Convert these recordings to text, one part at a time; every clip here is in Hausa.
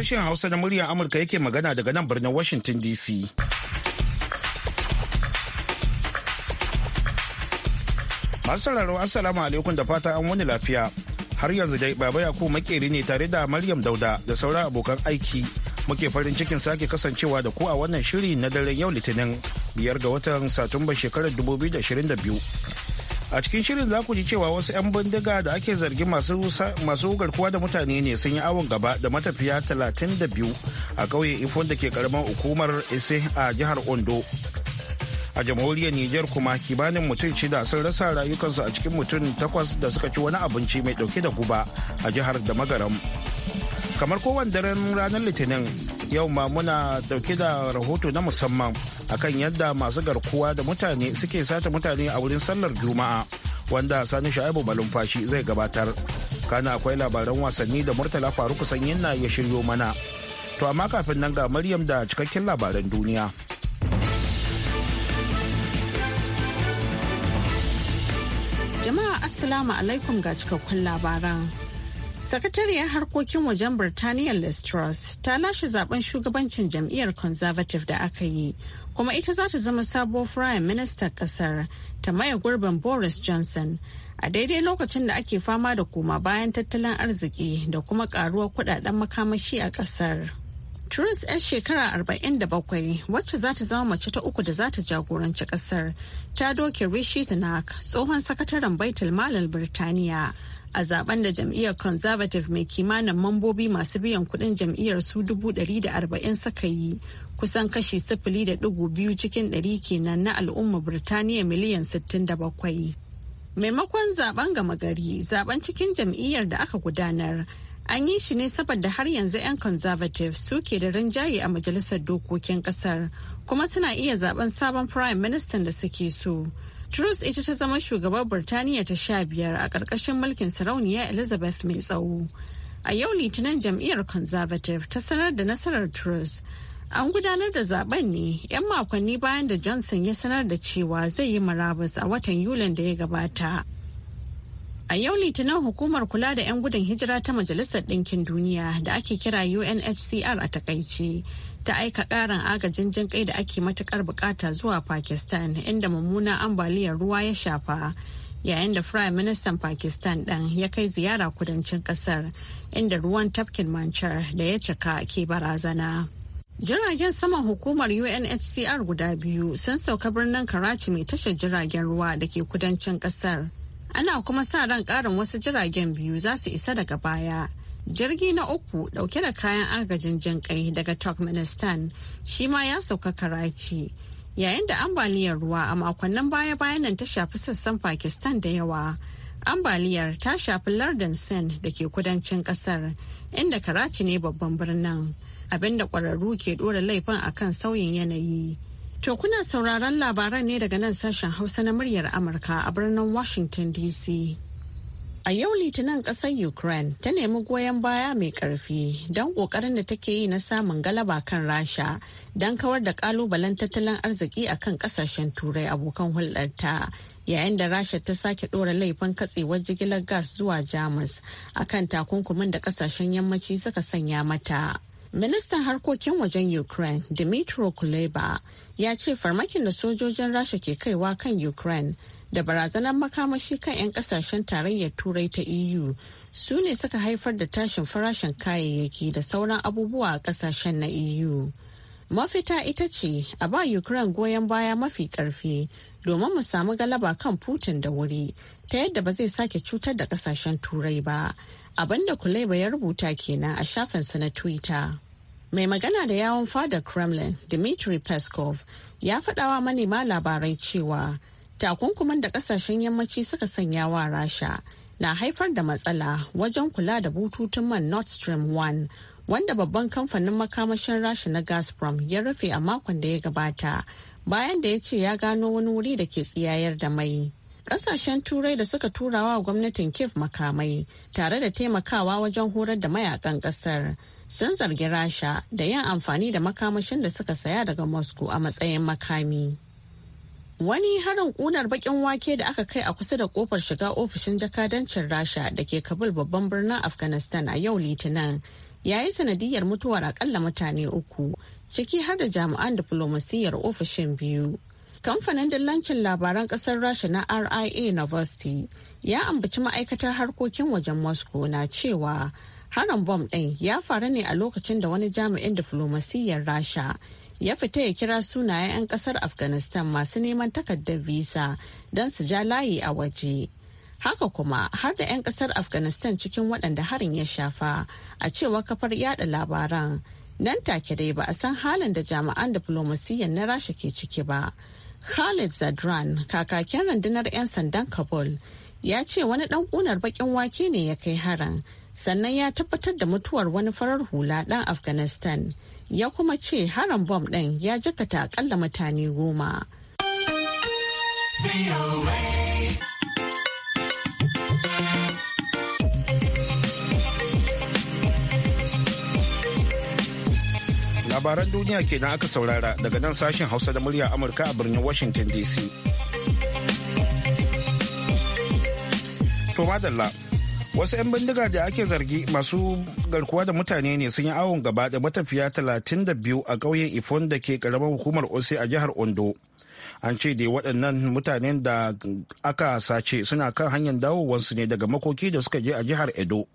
Sashen Hausa na muryar Amurka yake magana daga nan birnin Washington DC. Masu Assalamu alaikum da fata an wani lafiya. Har yanzu dai Baba ku makeri ne tare da Maryam Dauda da sauran abokan aiki. Muke farin cikin sake kasancewa da ku a wannan shiri na daren yau Litinin biyar ga watan Satumba shekarar 2022. a cikin shirin za ku ji cewa wasu 'yan bindiga da ake zargin masu garkuwa da mutane ne sun yi awon gaba da matafiya 32 a kauye ifon da ke karamar hukumar ise a jihar ondo a jamhuriyar niger kuma kimanin mutum shida sun rasa rayukansu a cikin mutum takwas da suka ci wani abinci mai dauke da guba a jihar da magaram kamar kowane daren ranar litinin yau ma muna dauke da rahoto na musamman akan yadda masu garkuwa da mutane suke sata mutane a wurin sallar juma'a wanda sani sha'ibu malumfashi zai gabatar kana akwai labaran wasanni da murtala faru kusan yana ya shiryo mana to amma kafin nan ga maryam da cikakken labaran duniya jama'a assalamu alaikum ga cikakkun labaran Sakatariyar harkokin wajen Birtaniya Liz ta lashe zaben shugabancin jam'iyyar Conservative da aka yi kuma ita za ta zama sabuwar prime ministan kasar ta maye gurbin boris johnson a daidai lokacin da ake fama da koma bayan tattalin arziki da kuma karuwar kudaden makamashi a kasar Truss 'yar shekara 47 wacce za ta zama mace ta uku da za ta jagoranci kasar ta doke Rishi Sunak tsohon sakataren baitul malal Birtaniya a zaben da jam'iyyar conservative mai kimanin mambobi masu biyan kudin jam'iyyar su dubu ɗari da arba'in suka yi kusan kashi sifili da ɗigo biyu cikin ɗari kenan na al'umma birtaniya miliyan sittin da bakwai maimakon zaben gama gari zaben cikin jam'iyyar da aka gudanar an yi shi ne saboda har yanzu 'yan conservative suke da rinjaye a majalisar dokokin kasar kuma suna iya zaben sabon prime minister da suke so. Truss ita ta zama shugabar burtaniya ta sha biyar a ƙarƙashin mulkin sarauniya Elizabeth mai tsawo. A yau Litinin jam'iyyar Conservative ta sanar da nasarar Truss. An gudanar da zaben ne 'yan makonni bayan da Johnson ya sanar da cewa zai yi marabus a watan Yulin da ya gabata. A yau Litinin hukumar kula da 'yan gudun hijira ta Majalisar Ɗinkin Duniya da ake kira UNHCR a takaice ta aika karin agajin jin da ake matukar bukata zuwa pakistan inda mummunan ambaliyar ruwa ya shafa yayin da prime minister pakistan ɗin ya kai ziyara kudancin ƙasar inda ruwan tafkin manchar da ya cika ke barazana jiragen saman hukumar unhcr guda biyu sun sauka birnin karachi mai tashar jiragen ruwa da ke kudancin ƙasar ana kuma sa ran karin wasu jiragen biyu za su isa daga baya jirgi na uku dauke da kayan agajin jin daga turkmenistan shi ma ya sauka karaci yayin da ambaliyar ruwa a makonnin baya-bayan nan ta shafi sassan pakistan da yawa ambaliyar ta shafi lardin sen da ke kudancin kasar inda karaci ne babban birnin abinda kwararru ke dora laifin akan sauyin yanayi to kuna sauraron labaran ne daga nan sashen hausa na muryar amurka a birnin washington dc A yau Litinin ƙasar Ukraine ta nemi goyon baya mai ƙarfi don ƙoƙarin da take yi na samun galaba kan Rasha don kawar da ƙalubalen tattalin arziki a kan ƙasashen Turai abokan hulɗarta. Yayin da Rasha ta sake ɗora laifin katsewar jigilar gas zuwa Jamus a kan takunkumin da ƙasashen yammaci suka sanya mata. Ministan harkokin wajen Ukraine Dmitry Kuleba ya ce farmakin da sojojin Rasha ke kaiwa kan Ukraine da barazanar makamashi kan 'yan kasashen tarayyar turai ta eu su ne suka haifar da tashin farashin kayayyaki da sauran abubuwa a kasashen na eu mafita ita ce a ba ukraine goyon baya mafi karfi domin mu samu galaba kan putin da wuri ta yadda ba zai sake cutar da kasashen turai ba abinda kuleba ya rubuta kenan a shafinsa na twitter mai magana da yawon fadar kremlin dmitry peskov ya faɗawa manema labarai cewa takunkuman da kasashen yammaci suka sanya wa rasha na haifar da matsala wajen kula da bututun man nord stream 1 wanda babban kamfanin makamashin rasha na gazprom ya rufe a makon da ya gabata bayan da ya ce ya gano wani wuri da ke tsiyayar da mai kasashen turai da suka tura wa gwamnatin kiev makamai tare da taimakawa wajen horar da mayakan kasar sun zargi rasha da yin amfani da makamashin da suka saya daga moscow a matsayin makami Wani harin kunar bakin wake da aka kai a kusa da kofar shiga ofishin jakadancin Rasha da ke Kabul babban birnin Afghanistan a yau Litinin ya yi sanadiyar mutuwar akalla mutane uku ciki har da jami'an diflomasiyyar ofishin biyu. Kamfanin dillancin labaran kasar Rasha na RIA University ya ambaci ma'aikatar harkokin wajen Moscow na cewa harin bom ɗin ya faru ne a lokacin da wani jami'in diflomasiyyar Rasha ya fita ya kira sunayen 'yan kasar afghanistan masu neman takardar visa don su ja layi a waje haka kuma har da 'yan kasar afghanistan cikin waɗanda harin ya shafa a cewa kafar yada labaran nan take dai ba a san halin da jami'an diflomasiyyar na rasha ke ciki ba khalid zadran kakakin rundunar 'yan sandan kabul ya ce wani dan kunar bakin wake ne ya kai harin sannan ya tabbatar da mutuwar wani farar hula dan afghanistan ya kuma ce harin bom ɗin ya jakata akalla mutane goma. labaran duniya kenan aka saurara daga nan sashen hausa da murya amurka a birnin washington dc to madalla wasu 'yan bindiga da ake zargi masu garkuwa da mutane ne sun yi awon gaba da matafiya 32 a ƙauyen ifon da ke ƙaramar hukumar ose a jihar ondo an ce dai waɗannan mutanen da aka sace suna kan hanyar dawowansu ne daga makoki da suka je a jihar edo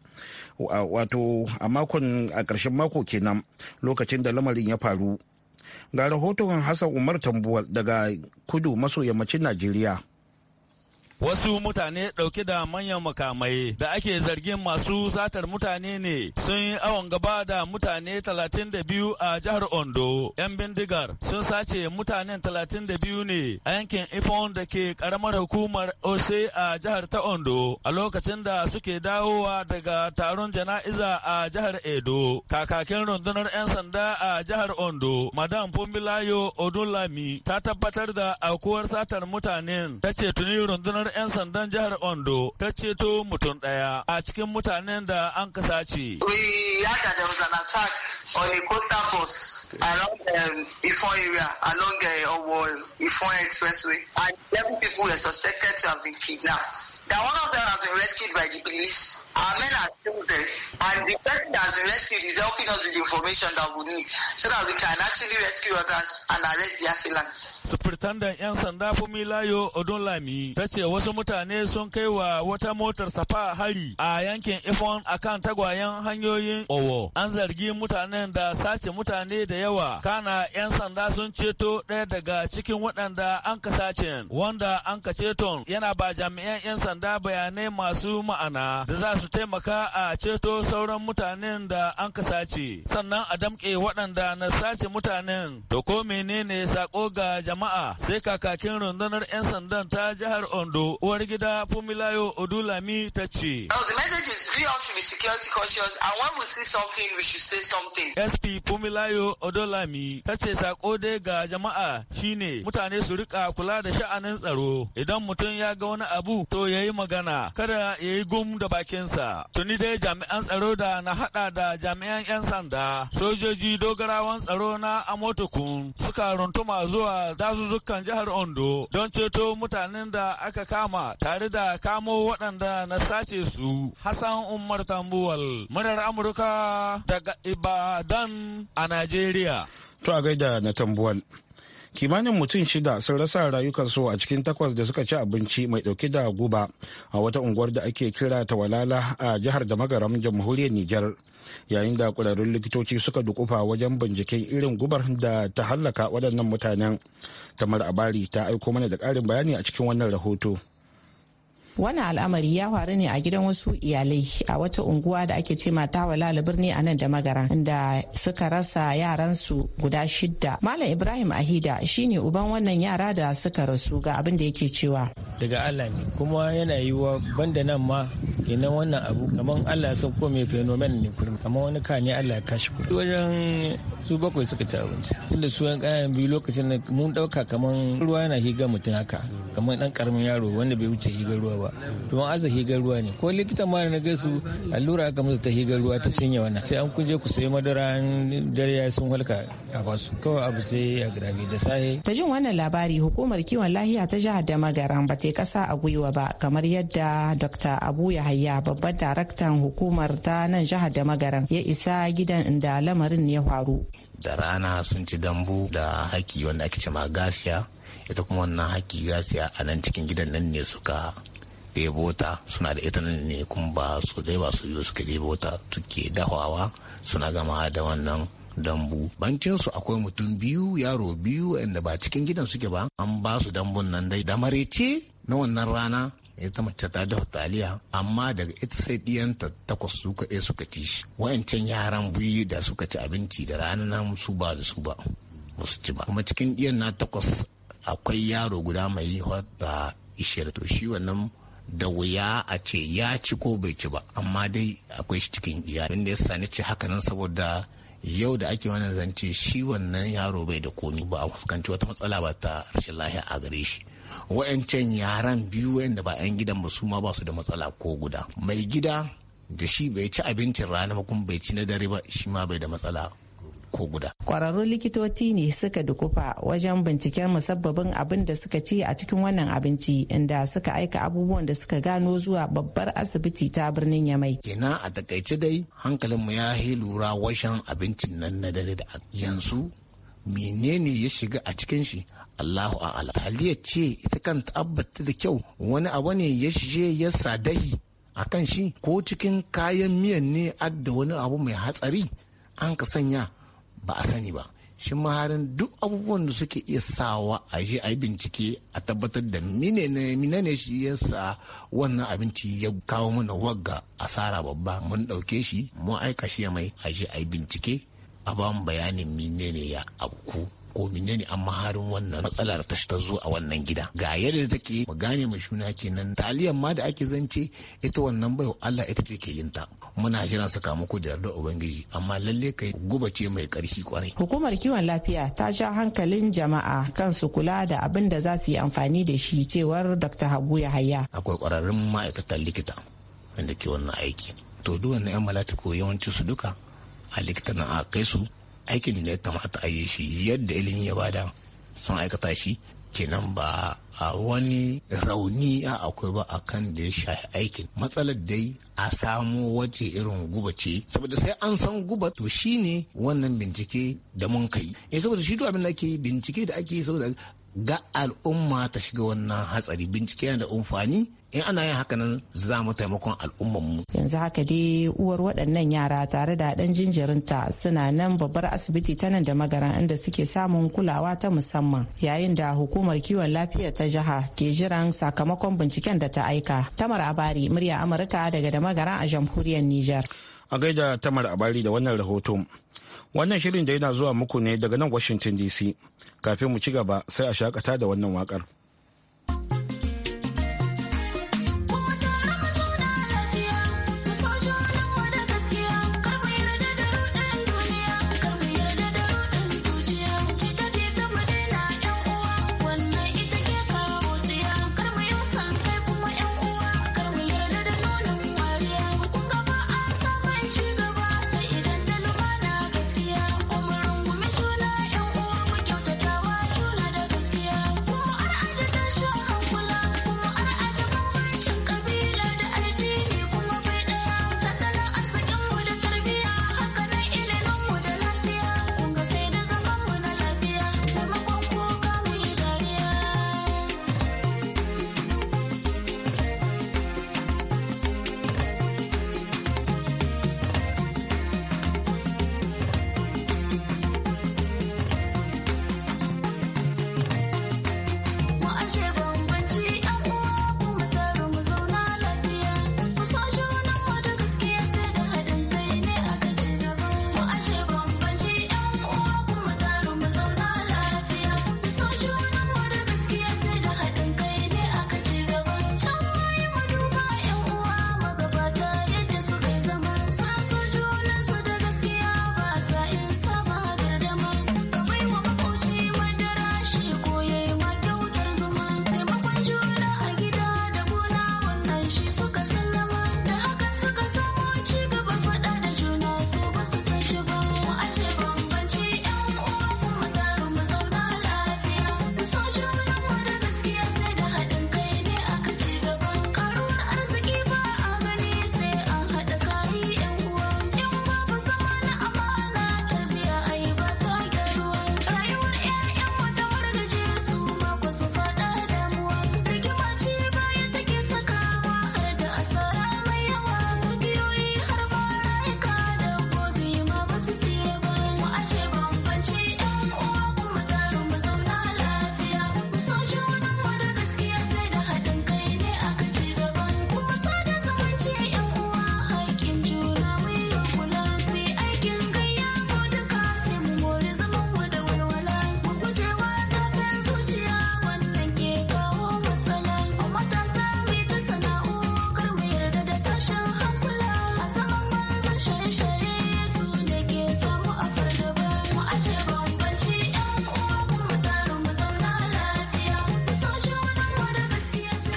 wato a makon a ƙarshen mako kenan lokacin da lamarin ya faru ga rahoton hassan umar tambuwal daga kudu maso yammacin najeriya Wasu mutane ɗauke da manyan makamai da ake zargin masu satar mutane ne sun yi awon gaba da mutane 32 a jihar Ondo. 'Yan bindigar sun sace mutanen 32 ne a yankin Ifon da ke karamar hukumar Ose a jihar ta Ondo a lokacin da suke dawowa daga taron jana'iza a jihar Edo. Kakakin rundunar 'yan sanda a jihar Ondo, Madam Fumbilayo Odunlami ta tabbatar da aukuwar satar mutanen ta ce tuni rundunar rundunar 'yan sandan jihar Ondo ta ceto mutum ɗaya a cikin mutanen da an kasace. We had that was an attack on a coastal bus around um, Ifon area along uh, Ifon Expressway and 11 people were suspected to have been kidnapped. that one of them has been rescued by the police. Our men are still there. And the person that has been rescued is helping us with the information that we need so that we can actually rescue others and arrest the assailants. Sufurtandan 'yan sanda Fumilayo Odunlami ta ce wasu mutane sun kai wa wata motar safa hari a yankin Ifon akan tagwayen hanyoyin Owo. An zargi mutanen da sace mutane da yawa. Kana 'yan sanda sun ceto ɗaya daga cikin waɗanda an ka sace wanda an ka ceton yana ba jami'an 'yan sanda sanda bayanai masu ma'ana da za su taimaka a ceto sauran mutanen da an ka sace sannan a damƙe waɗanda na sace mutanen to ko menene sako ga jama'a sai kakakin rundunar 'yan sandan ta jihar ondo uwar gida fumilayo odulami ta ce sp fumilayo odulami ta ce sako dai ga jama'a shine mutane su rika kula da sha'anin tsaro idan mutum ya ga wani abu to ya yi magana kada ya yi gum da bakinsa. Tuni dai jami'an tsaro da na hada da jami'an 'yan sanda, sojoji dogarawan tsaro na Amotokun suka runtuma zuwa dazuzzukan jihar Ondo don ceto mutanen da aka kama tare da kamo waɗanda na sace su. Hassan Umar Tambuwal, murar Amurka daga Ibadan a Najeriya. To a gaida na Tambuwal. kimanin mutum shida sun rasa rayukansu a cikin takwas da suka ci abinci mai dauke da guba a wata unguwar da ake kira ta walala a jihar da magaram jamhuriyar nijar yayin da kwararrun likitoci suka dukufa wajen binciken irin gubar da ta hallaka waɗannan mutanen tamar abari ta aiko mana da ƙarin bayani a cikin wannan rahoto Wannan al'amari ya faru ne a gidan wasu iyalai a wata unguwa da ake ce mata walala birni a nan da magara. inda suka rasa yaransu guda shidda. Malam Ibrahim Ahida shine uban wannan yara da suka rasu ga abin da yake cewa. Daga Allah ne kuma yana yiwuwa banda nan ma kenan wannan abu kamar Allah ya ko mai fenomen ne kurum kamar wani ka ne Allah ya kashi kuɗi wajen su bakwai suka ci abinci tunda su yan ƙananan biyu lokacin mun ɗauka kamar ruwa yana higa mutum haka kamar ɗan ƙaramin yaro wanda bai wuce higa ruwa ba ba domin aza higar ruwa ne ko likita ma na gaisu allura aka musu ta higar ruwa ta cinye wannan sai an kuje ku sayi madara dare ya sun halka a basu kawai abu sai a garabi da sahe Ta jin wannan labari hukumar kiwon lahiya ta jihar da magaran ba ta kasa a gwiwa ba kamar yadda dr abu yahaya babban daraktan hukumar ta nan jihar da magaran ya isa gidan inda lamarin ya faru da rana sun ci dambu da haki wanda ake ce gasiya ita kuma wannan haki gasiya a nan cikin gidan nan ne suka ɗebo ta suna da ita ne kuma ba su ɗaya ba su biyu suka ɗebo ta suke dafawa suna gama da wannan dambu bancinsu akwai mutum biyu yaro biyu inda ba cikin gidan suke ba an ba su dambun nan dai da marece na wannan rana ita mace ta dafa taliya amma daga ita sai ɗiyanta takwas su kaɗai suka ci shi wayancan yaran biyu da suka ci abinci da ranar nan su ba da su ba ba su ci ba kuma cikin ɗiyan na takwas akwai yaro guda mai da ishirin to shi wannan da wuya a ce ya ci ko bai ci ba amma dai akwai shi cikin iya abin da ya sani ce haka nan saboda yau da ake wannan zance shi wannan yaro bai da komi ba a fuskanci wata matsala ba ta rashin lahiya a gare shi wa'ancan yaran biyu wayanda ba 'yan gidan ba su ma ba su da matsala ko guda mai gida da shi bai ci abincin rana ba kuma bai ci na dare ba shi ma bai da matsala ko guda. Kwararrun likitoci ne suka dukufa wajen binciken musabbabin abin da suka ci a cikin wannan abinci inda suka aika abubuwan da suka gano zuwa babbar asibiti ta birnin Yamai. Kina a takaice dai hankalinmu ya yi lura washen abincin nan na dare da yanzu menene ya shiga a cikin shi Allahu a'ala. Taliya ce ita kan tabbata da kyau wani abu ne ya shige ya sadahi a kan shi ko cikin kayan miyan ne adda wani abu mai hatsari an ka sanya ba a sani ba shi maharin duk abubuwan da suke iya sawa a yi a yi bincike a tabbatar da mine ne shi ya sa wannan abinci ya kawo mana wagga asara babba mun ɗauke shi mu aika shi ya mai a a yi bincike a ba mu bayanin mine ne ya abu ko ne amma harin wannan matsalar ta ta zo a wannan gida ga yadda take mu gane mu shuna kenan taliyan ma da ake zance ita wannan bai Allah ita ce ke yin ta muna jiran sakamako da yarda ubangiji amma lalle kai guba ce mai karfi kwarai hukumar kiwon lafiya ta sha hankalin jama'a kan su kula da abin da za su yi amfani da shi cewar Dr. Habu ya haya. akwai kwararrun ma'aikatan likita wanda ke wannan aiki to duk wannan yan ko yawanci su duka a likita na a kai su aikin da ya kamata a yi shi yadda ilimi ya bada sun aikata shi kenan ba a wani rauni a akwai ba a kan da ya shafi aikin matsalar dai a samo wace irin guba ce saboda sai an san guba to shi ne wannan bincike da mun kai E saboda shi duk abin da ake bincike da ake saboda ga al'umma ta shiga wannan hatsari bincike yana da umfani. in ana yin haka nan za mu taimakon al'ummanmu. yanzu haka dai uwar waɗannan yara tare da ɗan jinjirinta suna nan babbar asibiti ta nan da magaran inda suke samun kulawa ta musamman yayin da hukumar kiwon lafiya ta jiha ke jiran sakamakon binciken da ta aika tamar abari murya amurka daga da magaran a jamhuriyar niger a gaida tamar abari da wannan rahoton wannan shirin da yana zuwa muku ne daga nan washington dc kafin mu ci gaba sai a shakata da wannan wakar.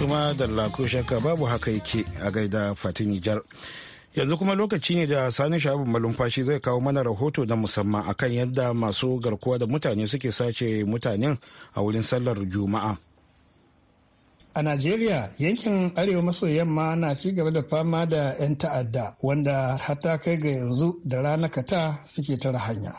kuma da ko shaka babu haka yake a gaida fatin nijar yanzu kuma lokaci ne da sani shabu malumfashi zai kawo mana rahoto na musamman akan yadda masu garkuwa da mutane suke sace mutanen a wurin sallar juma'a A Najeriya yankin arewa maso yamma na ci gaba da fama da 'yan ta'adda wanda hata kai ga yanzu da ta suke tara hanya.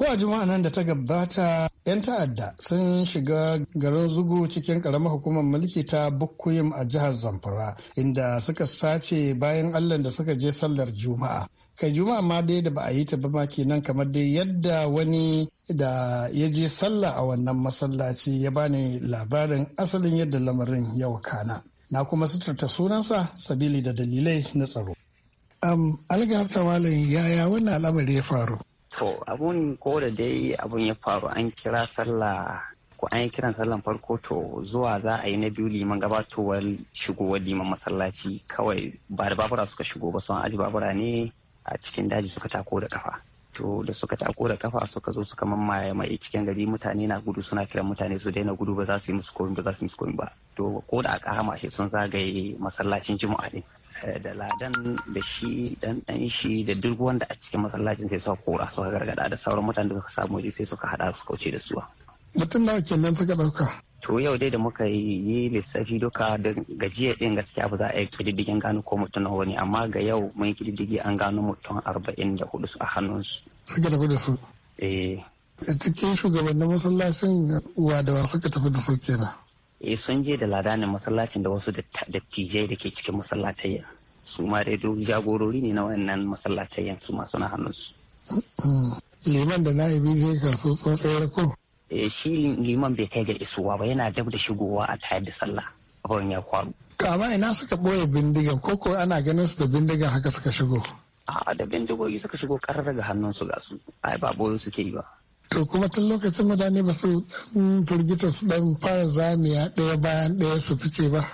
Ko a juma'a nan da ta gabata 'yan ta'adda sun shiga garin Zugu cikin karamar hukumar mulki ta Bukuyim a jihar Zamfara inda suka sace bayan Allah da suka je sallar juma'a. Kai juma'a ma dai da ba a yi ta ba ma kenan kamar dai yadda wani da ya je sallah a wannan masallaci ya bani labarin asalin yadda lamarin yau kana Na kuma suturta sunansa sabili da dalilai na tsaro. Um, Algar Tawalin yaya wannan al'amari ya faru? To abun ko da dai abun ya faru an kira sallah ko an yi kiran sallan farko to zuwa za a yi na biyu liman gabatowar shigowar liman masallaci kawai ba da babura suka shigo ba sun aji babura ne a cikin daji suka tako da kafa. to da suka tako da kafa suka zo suka mamaye mai cikin gari mutane na gudu suna kiran mutane su daina gudu ba za su yi musu ba za su yi musu ba to ko da aka hama shi sun zagaye masallacin juma'a ne Eh, da ladan da shi dan shi da duk wanda a cikin masallacin sai suka kora suka gargada da sauran mutane da suka samu waje sai suka hada su kauce da suwa. mutum nawa kenan suka dauka to yau dai da muka yi lissafi duka da gajiya din gaskiya ba za a yi kididdigin gano ko mutum nawa ne amma ga yau mun yi kididdigi an gano mutum arba'in da hudu a hannunsu suka tafi da su eh cikin shugabannin masallacin wa da wa suka tafi da su kenan eh sun je da ladanin masallacin da wasu dattijai da ke cikin masallatai su ma dai duk jagorori ne na wannan masallatai su ma suna hannunsu. Mm-hmm. liman da na'ibi zai kaso tsotsayar ko. Eh, shi liman bai kai ga isuwa ba yana dab da shigowa a tayar da sallah wurin ya kwaru. amma ina suka ɓoye bindigan ko ko ana ganin su da bindigan haka suka shigo. a da bindigogi suka shigo karar daga hannunsu ga su ai ba ɓoye suke yi ba. to kuma tun lokacin mutane ba su firgita su dan fara zamiya ɗaya bayan ɗaya su fice ba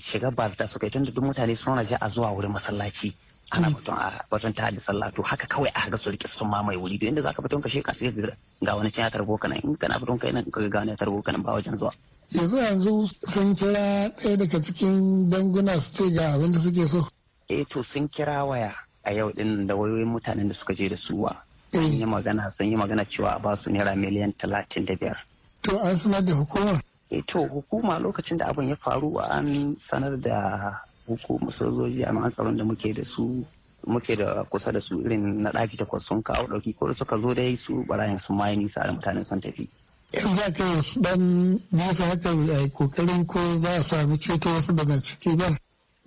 shiga ba da kai tun da duk mutane sun raja a zuwa wurin masallaci ana mm. batun a batun ta da sallah to haka kawai a ga su rike sun mamaye wuri to inda zaka fito ka sheka sai ga wani cin ya boka nan in kana batun kai nan ka ga wani ya boka nan ba wajen zuwa yanzu yanzu sun kira ɗaya daga cikin danguna su ce ga abin da suke so eh to sun kira waya a yau din da wayoyin mutanen da suka je da su wa sun yi magana sun yi magana cewa a basu naira miliyan talatin da biyar. To an sanar da hukuma? E eh, to hukuma lokacin da abin ya faru an sanar da hukumar sojoji a ma'an tsaron da muke da su muke da kusa da su irin na ɗaki takwas sun kawo ɗauki ko suka zo dai su barayin su mayi nisa da mutanen sun tafi. Yan za ka dan nesa haka a kokarin ko za a sami ceto wasu daga ciki ba.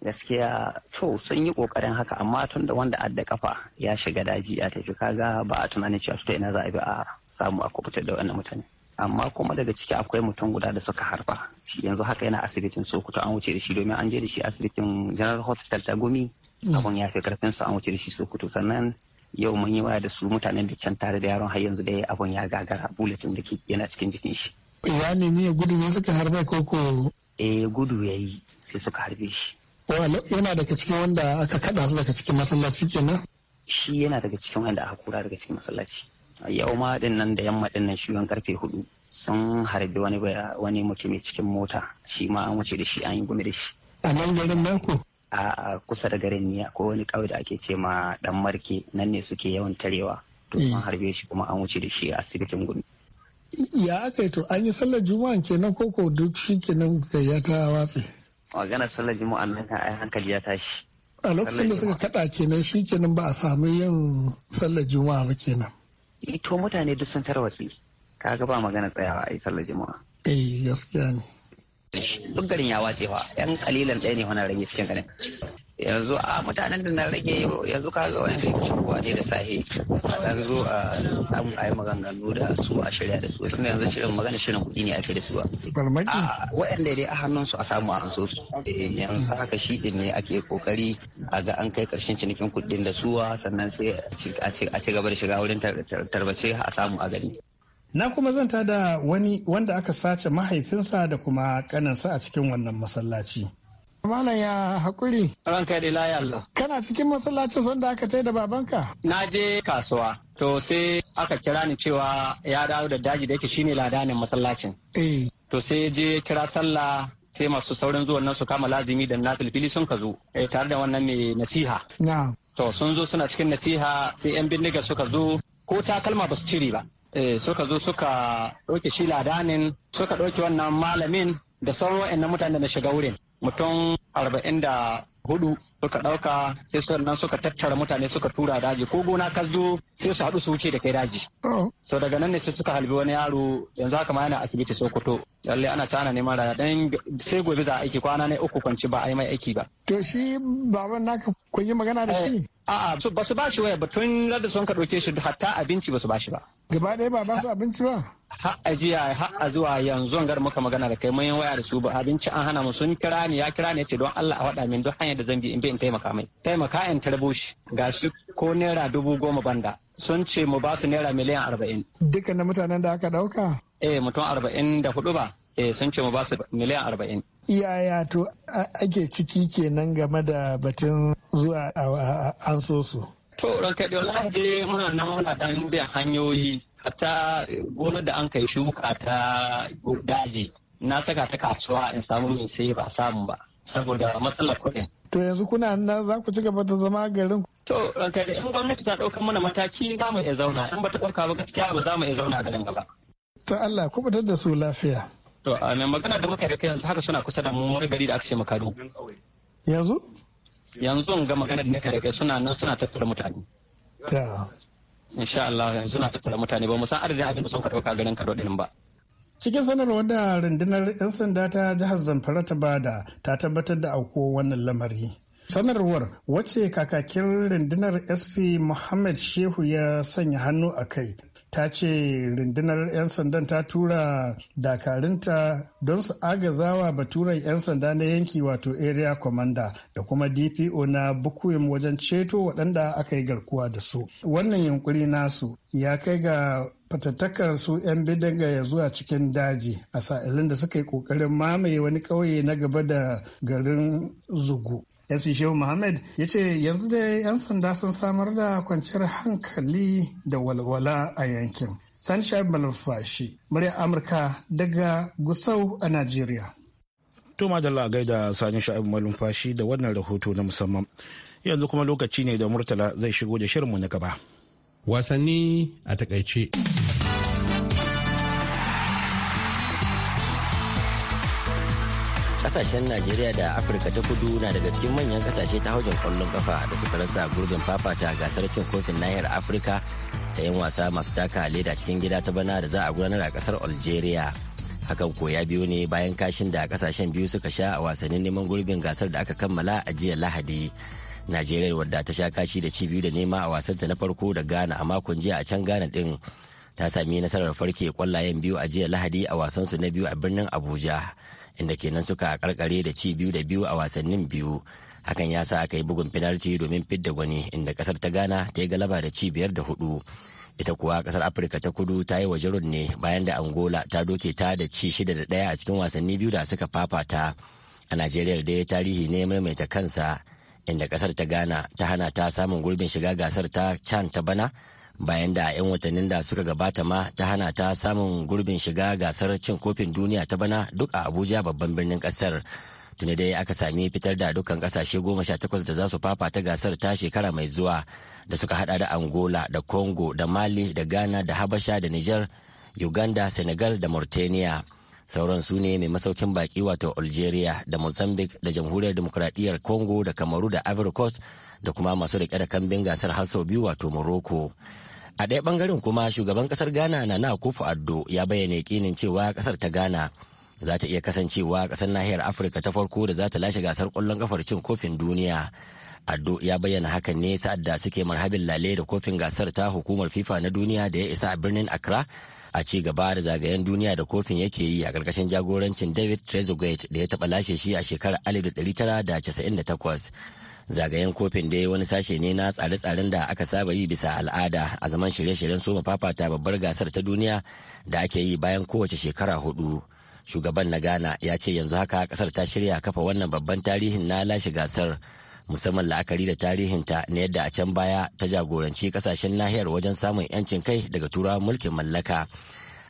gaskiya to sun yi kokarin haka amma tun da wanda adda kafa ya shiga daji a tafi kaga ba a tunanin cewa ta ina za a bi a samu a kubutar da wannan mutane amma kuma daga ciki akwai mutum guda da suka harba shi yanzu haka yana asibitin sokoto an wuce da shi domin an je da shi asibitin general hospital ta gumi mm. abun ya fi karfin su an wuce da shi sokoto sannan yau mun yi waya da su mutanen da can tare da yaron har yanzu dai abun ya gagara bulletin da yana cikin jikin shi ya nemi gudu ne suka harba koko eh gudu ya yi sai suka harbe shi yana daga cikin wanda aka kada su daga cikin masallaci kenan shi yana daga cikin wanda aka kura daga cikin masallaci yau ma din nan da yamma din nan shi karfe hudu sun harbi wani wani mai cikin mota shi ma an wuce da shi an yi gumi da shi a nan garin nan ko a kusa da garin ne akwai wani kauye da ake ce ma dan marke nan ne suke yawan tarewa to sun eh. harbe shi kuma an wuce da shi a asibitin gumi ya aka yi to an yi sallar juma'a kenan koko duk shi kenan ya ta watsi magana sallar jima'a nan ka ai hankali ya tashi a lokacin da suka kada kenan shi kenan ba a samu yin sallar juma'a ba kenan eh, to mutane duk sun tarwatsi kaga ba magana tsayawa ai sallar juma'a eh gaskiya ne duk garin ya wace fa yan kalilan ɗaya ne wannan rage cikin garin yanzu a ah, mutanen da na rage yanzu ka ga wani shigowa ne da sahi kaga zo a ah, samu a yi maganganu da su a shirya da su Kuma yanzu shirin magana shirin kuɗi ne ake da su ba ah, waɗanda dai a hannun su a samu a hanso su eh, yanzu haka shi din ne ake kokari a ga an kai karshen cinikin kuɗin da suwa sannan sai a ci gaba da shiga wurin tarbace a samu a gani Na kuma zanta da wani wanda aka sace mahaifinsa da kuma kanansa a cikin wannan masallaci. Malam ya haƙuri. Ranka da layi Allah. Kana cikin masallacin sanda aka ce da babanka? Na je kasuwa. To sai aka kira ni cewa ya dawo da daji da yake shine ladanin masallacin. Eh. To sai je kira sallah sai masu saurin zuwan nan su kama lazimi da na filfili sun ka zo eh, tare da wannan mai nasiha. Na. To sun zo suna cikin nasiha sai 'yan bindiga suka zo ko takalma ba su cire ba. Eh, suka zo suka ɗauke shi ladanin suka ɗauke wannan malamin da sauran wa'annan mutanen da na shiga wurin. mutum arba'in da hudu suka ɗauka sai su nan suka tattara mutane suka tura daji ko gona ka zo sai su haɗu su wuce da kai daji. Oh. So daga nan ne sai suka halbi wani yaro yanzu haka ma yana asibiti Sokoto. Lalle ana tana neman raya dan sai gobe za a aiki kwana ne uku kwanci ba a yi mai aiki ba. To shi baban naka kun yi magana da shi? A'a ba su ba shi waya ba tun da sun ka ɗauke shi hatta abinci ba su ba shi ba. Gaba ɗaya ba ba su abinci ba. Har a jiya har a zuwa yanzu gar muka magana da kai mun waya da su ba abinci an hana mu sun kira ni ya kira ni ce don Allah a waɗa min duk hanyar da zan bi in bi in taimaka mai. Taimaka in tarbo shi ga shi ko naira dubu goma banda sun ce mu ba su naira miliyan arba'in. Dukkan mutanen da aka ɗauka? Eh mutum arba'in da hudu ba. Eh sun ce mu ba su miliyan arba'in. iyaya to ake ciki kenan game da batun zuwa an so su. To ranka da wallahi muna nan muna dan bin hanyoyi hatta gonar da an kai shuka ta daji na saka ta kasuwa in samu min sai ba samu ba saboda matsalar kuɗin. To yanzu kuna nan za ku ci gaba da zama garin To ranka da in gwamnati ta ɗaukar mana mataki za mu iya zauna in ba ta ɗauka ba gaskiya ba za mu iya zauna garin gaba. Ta Allah ku fitar da su lafiya. To a mai magana da muka kai yanzu haka suna kusa da mu wani gari da aka ce Makado. Yanzu? Yanzu ga magana da nake da kai suna nan suna tattara mutane. Ta. Insha Allah yanzu na tattara mutane ba mu san adadin abin da sun ka dauka ganin Kado din ba. Cikin sanarwar da rundunar 'yan sanda ta jihar Zamfara ta bada ta tabbatar da auko wannan lamari. Sanarwar wacce kakakin rundunar SP Muhammad Shehu ya sanya hannu a kai ta ce rundunar 'yan sandan ta tura dakarunta don su agazawa baturen 'yan sanda na yanki wato area commander da kuma dpo na bukuyin wajen ceto waɗanda aka yi garkuwa da su wannan yunkuri nasu ya kai ga fatattakar su 'yan bidanga ya zuwa cikin daji a sa'ilin da suka yi ƙoƙarin mamaye wani ƙauye na gaba da garin zugu yasfi shehu muhammad ya ce yanzu dai 'yan sanda sun samar da kwanciyar hankali da walwala a yankin sunshine malfashi murya amurka daga gusau a najeriya to madalla gaida sani sha'ib malfashi da wannan rahoto na musamman yanzu kuma lokaci ne da murtala zai shigo da shirinmu na gaba wasanni a takaice kasashen najeriya da afirka ta kudu na daga cikin manyan kasashe ta haujin kwallon kafa da suka rasa gurbin fafata gasar cin kofin nahiyar afirka ta yin wasa masu taka leda cikin gida ta bana da za a gudanar a kasar algeria hakan ko ya biyo ne bayan kashin da kasashen biyu suka sha a wasannin neman gurbin gasar da aka kammala a jiya lahadi najeriya wadda ta sha kashi da ci biyu da nema a wasanta na farko da ghana a makon jiya a can ghana din ta sami nasarar farke kwallayen biyu a jiya lahadi a wasansu na biyu a birnin abuja inda kenan suka karkare da ci biyu da biyu a wasannin biyu hakan ya sa aka yi bugun finalti domin fidda gwani inda kasar ta gana ta yi galaba da ci biyar da hudu ita kuwa kasar afirka ta kudu ta yi waje ne bayan da angola ta doke ta da ci shida da daya a cikin wasanni biyu da suka fafata a najeriya da ya tarihi ne maimaita kansa inda kasar ta gana ta hana ta samun gurbin shiga gasar ta can ta bana bayan da 'yan watannin da suka gabata ma ta hana ta samun gurbin shiga gasar cin kofin duniya ta bana duk a abuja babban birnin kasar tuni dai aka sami fitar da dukkan kasashe goma sha takwas da za su fafata gasar ta shekara mai zuwa da suka hada da angola da congo da mali da ghana da habasha da niger uganda senegal da mauritania sauran su ne mai masaukin baki wato algeria da mozambique da jamhuriyar demokuraɗiyyar congo da kamaru da ivory coast da kuma masu riƙe da kambin gasar har sau biyu wato morocco a ɗaya ɓangaren kuma shugaban ƙasar ghana na kufu addo ya bayyana yakinin cewa ƙasar ta ghana za ta iya kasancewa ƙasar nahiyar afirka ta farko da za ta lashe gasar ƙwallon kafar cin kofin duniya addo ya bayyana hakan ne sa'ad da suke marhabin lale da kofin gasar ta hukumar fifa na duniya da ya isa a birnin accra a ci gaba da zagayen duniya da kofin yake yi a ƙarƙashin jagorancin david trezeguet da ya taɓa lashe shi a shekarar 1998 zagayen kofin dai wani sashe ne na tsare-tsaren da aka saba yi bisa al'ada a zaman shirye-shiryen soma fafata babbar gasar ta duniya da ake yi bayan kowace shekara hudu shugaban na ghana ya ce yanzu haka kasar ta shirya kafa wannan babban tarihin na lashe gasar musamman la'akari da tarihin ta na yadda a can baya ta jagoranci kasashen nahiyar wajen samun 'yancin kai daga turawan mulkin mallaka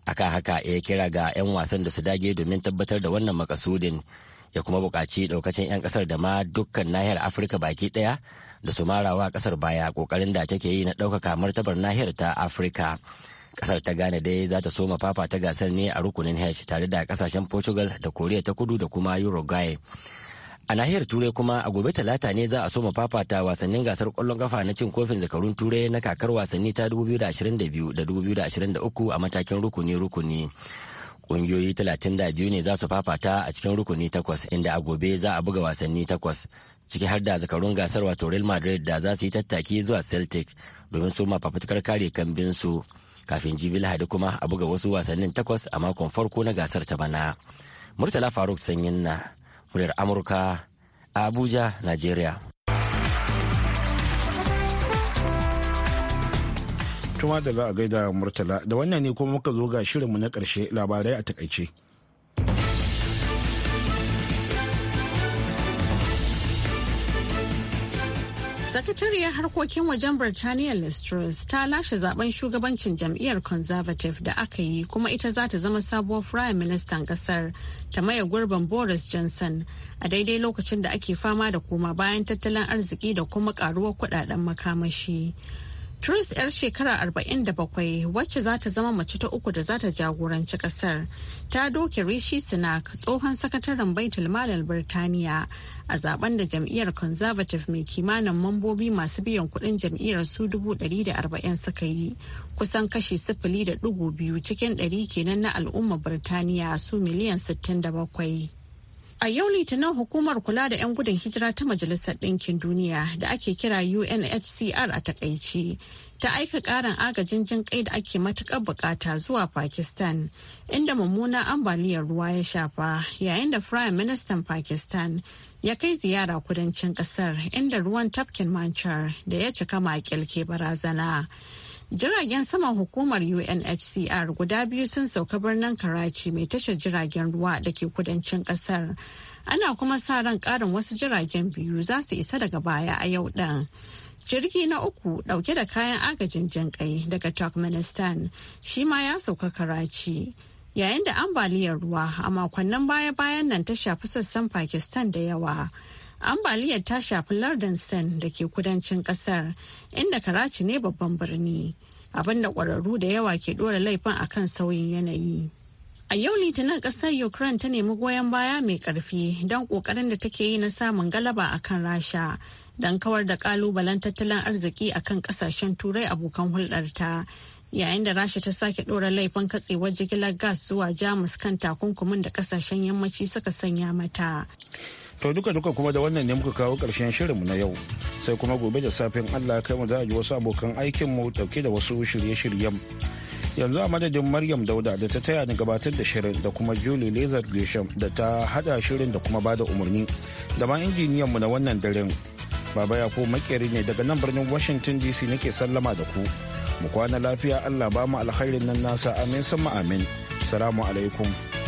akan haka ya kira ga 'yan wasan da su dage domin tabbatar da wannan makasudin ya kuma buƙaci ɗaukacin 'yan ƙasar da ma dukkan nahiyar afirka baki ɗaya da su marawa ƙasar baya kokarin da take yi na ɗaukaka martabar nahiyar ta afirka ƙasar ta ghana dai za ta soma fafa ta gasar ne a rukunin h tare da ƙasashen portugal da koriya ta kudu da kuma uruguay a nahiyar turai kuma a gobe talata ne za a soma fafata wasannin gasar kwallon kafa na cin kofin zakarun turai na kakar wasanni ta 2022 da 2023 a matakin rukuni rukuni Ƙungiyoyi 32 ne za su fafata a cikin rukuni takwas inda a gobe za a buga wasanni takwas ciki har da zakarun gasar wato Real Madrid da za su yi tattaki zuwa Celtic domin su fafutukar kare kambin su kafin jibi Lahadi kuma a buga wasu wasannin takwas a makon farko na gasar ta bana. Murtala Faruk Sanyin na muryar Amurka Abuja, nigeria. Tuma da za a gaida Murtala da wannan ne kuma muka zo ga shirinmu na karshe labarai a takaice. Sakatariyar harkokin wajen Birtaniya Liz Truss ta lashe zaben shugabancin jam'iyyar Conservative da aka yi kuma ita za ta zama sabuwar Prime Ministan kasar ta maye gurbin Boris Johnson a daidai lokacin da ake fama da koma bayan tattalin arziki da kuma karuwar kudaden makamashi. Truss 'yar shekara 47 wacce za ta zama mace ta uku da za ta jagoranci kasar ta doke Rishi Sunak tsohon sakataren baitul malal Birtaniya a zaben da jam'iyyar Conservative mai kimanin mambobi masu biyan kuɗin jam'iyyar su 140 suka yi kusan kashi sifili da ɗigo biyu cikin ɗari kenan na al'ummar Birtaniya su miliyan 67. A yau Litinin hukumar kula da 'yan gudun hijira ta Majalisar Ɗinkin Duniya da ake kira UNHCR a takaici ta aika ƙarin agajin jin kai da ake matuƙar bukata zuwa Pakistan inda mummuna ambaliyar ruwa ya shafa yayin da Prime Minister Pakistan ya kai ziyara kudancin ƙasar inda ruwan tafkin Manchar da ya cika makil ke barazana. Jiragen saman hukumar UNHCR guda biyu sun sauka birnin Karachi mai tashar jiragen ruwa da ke kudancin kasar. Ana kuma sa ran karin wasu jiragen biyu za su isa daga baya a yau ɗin. Jirgi na uku dauke da kayan agajin jinƙai daga Turkmenistan shi ma ya sauka Karachi. Yayin da ambaliyar ruwa a makonnin baya-bayan nan ta shafi sassan Pakistan da yawa. ambaliyar ta shafi lardin sen da ke kudancin kasar inda karatu ne babban birni abinda kwararru da yawa ke dora laifin akan sauyin yanayi a yau litinin kasar ukraine ta nemi goyon baya mai karfi don kokarin da take yi na samun galaba akan rasha don kawar da kalubalen tattalin arziki akan kasashen turai abokan hulɗarta yayin da rasha ta sake ɗora laifin katsewar jigilar gas zuwa jamus kan takunkumin da kasashen yammaci suka sanya mata To duka duka kuma da wannan ne muka kawo ƙarshen shirinmu na yau. Sai kuma gobe da safin Allah kai mu za a ji wasu abokan aikinmu dauke da wasu shirye-shiryen. Yanzu a madadin Maryam Dauda da ta taya ni gabatar da shirin da kuma Julie Lizard Gresham da ta hada shirin da kuma bada umarni. Da ma injiniyanmu na wannan daren. Baba Yakubu makeri ne daga nan birnin Washington DC nake sallama da ku. Mu kwana lafiya Allah ba mu alkhairin nan nasa amin sama amin. Salamu alaikum.